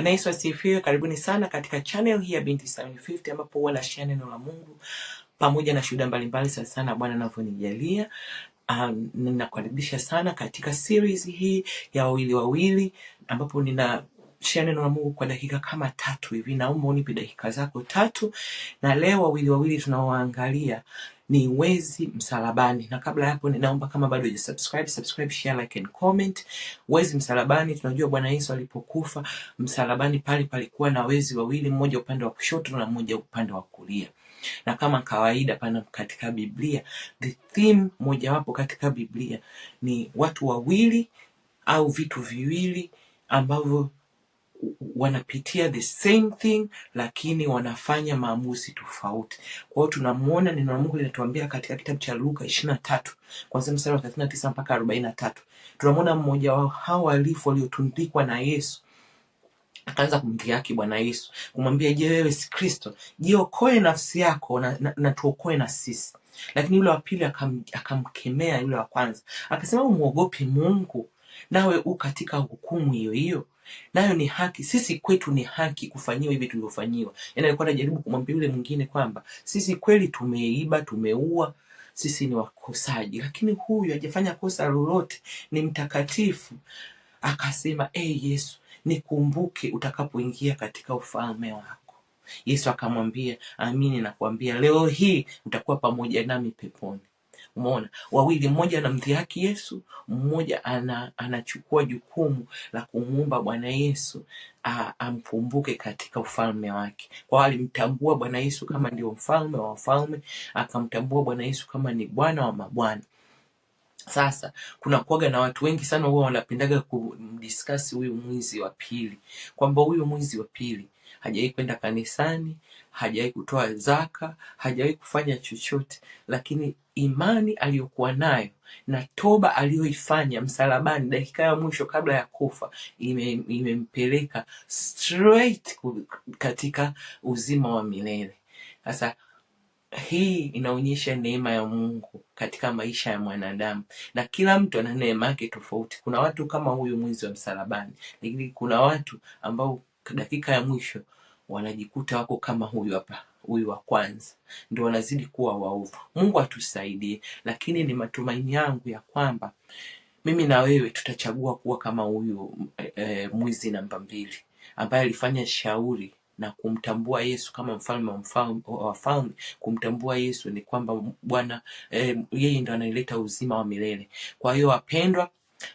Bwana Yesu asifiwe. Karibuni sana katika channel hii ya Binti 750 ambapo huwa nashare neno la Mungu pamoja na shuhuda mbalimbali, sana sana Bwana anavyonijalia. Um, ninakukaribisha sana katika series hii ya wawili wawili ambapo nina share neno la Mungu kwa dakika kama tatu hivi. Naomba unipe dakika zako tatu, na leo wawili wawili tunawaangalia ni Wezi Msalabani, na kabla ya hapo ninaomba kama bado huja subscribe, subscribe, share, like and comment. Wezi Msalabani, tunajua Bwana Yesu alipokufa msalabani pale palikuwa na wezi wawili, mmoja upande wa kushoto na mmoja upande wa kulia na kama kawaida pana katika Biblia the theme mojawapo katika Biblia ni watu wawili au vitu viwili ambavyo wanapitia the same thing lakini wanafanya maamuzi tofauti. Kwa hiyo tunamuona neno la Mungu linatuambia katika kitabu cha Luka ishirini na tatu kwanzia mstari wa thelathini na tisa mpaka arobaini na tatu tunamuona mmoja wao hao walifu waliotundikwa na Yesu akaanza kumdhihaki Bwana Yesu kumwambia, je, wewe si Kristo? Jiokoe nafsi yako na, na, na tuokoe na sisi. Lakini yule wa pili akamkemea yule wa kwanza akasema, umwogopi Mungu nawe u katika hukumu hiyo hiyo, nayo ni haki. Sisi kwetu ni haki kufanyiwa hivi tulivyofanyiwa. Yani alikuwa anajaribu kumwambia yule mwingine kwamba sisi kweli tumeiba, tumeua, sisi ni wakosaji, lakini huyu hajafanya kosa lolote, ni mtakatifu. Akasema hey, ee Yesu nikumbuke utakapoingia katika ufalme wako. Yesu akamwambia, amini nakwambia leo hii utakuwa pamoja nami peponi. Umeona, wawili, mmoja anamdhihaki Yesu, mmoja ana, anachukua jukumu la kumuumba Bwana Yesu ampumbuke amkumbuke katika ufalme wake. Kwa alimtambua Bwana Yesu kama ndio mfalme wa wafalme, akamtambua Bwana Yesu kama ni Bwana wa mabwana. Sasa kuna kuaga na watu wengi sana huwa wanapendaga kumdiskasi huyu mwizi wa pili, kwamba huyu mwizi wa pili hajawai kwenda kanisani, hajawai kutoa zaka, hajawai kufanya chochote, lakini imani aliyokuwa nayo na toba aliyoifanya msalabani dakika ya mwisho kabla ya kufa imempeleka ime straight katika uzima wa milele. Sasa hii inaonyesha neema ya Mungu katika maisha ya mwanadamu, na kila mtu ana neema yake tofauti. Kuna watu kama huyu mwizi wa msalabani, lakini kuna watu ambao dakika ya mwisho wanajikuta wako kama huyu hapa huyu wa kwanza ndio wanazidi kuwa waovu. Mungu atusaidie, lakini ni matumaini yangu ya kwamba mimi na wewe tutachagua kuwa kama huyu e, e, mwizi namba mbili ambaye alifanya shauri na kumtambua Yesu kama mfalme wa wafalme. Kumtambua Yesu ni kwamba Bwana e, yeye ndo anaileta uzima wa milele. Kwa hiyo wapendwa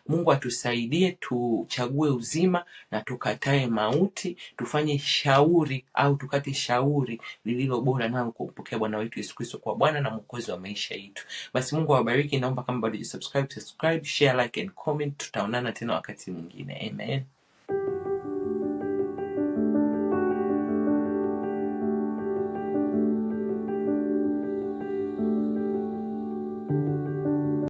Mungu atusaidie tuchague uzima na tukatae mauti, tufanye shauri au tukate shauri lililo bora, nalo kumpokea Bwana wetu Yesu Kristo kwa Bwana na Mwokozi wa maisha yetu. Basi Mungu awabariki. Naomba kama bado subscribe, share, like and comment. Tutaonana tena wakati mwingine. Amen.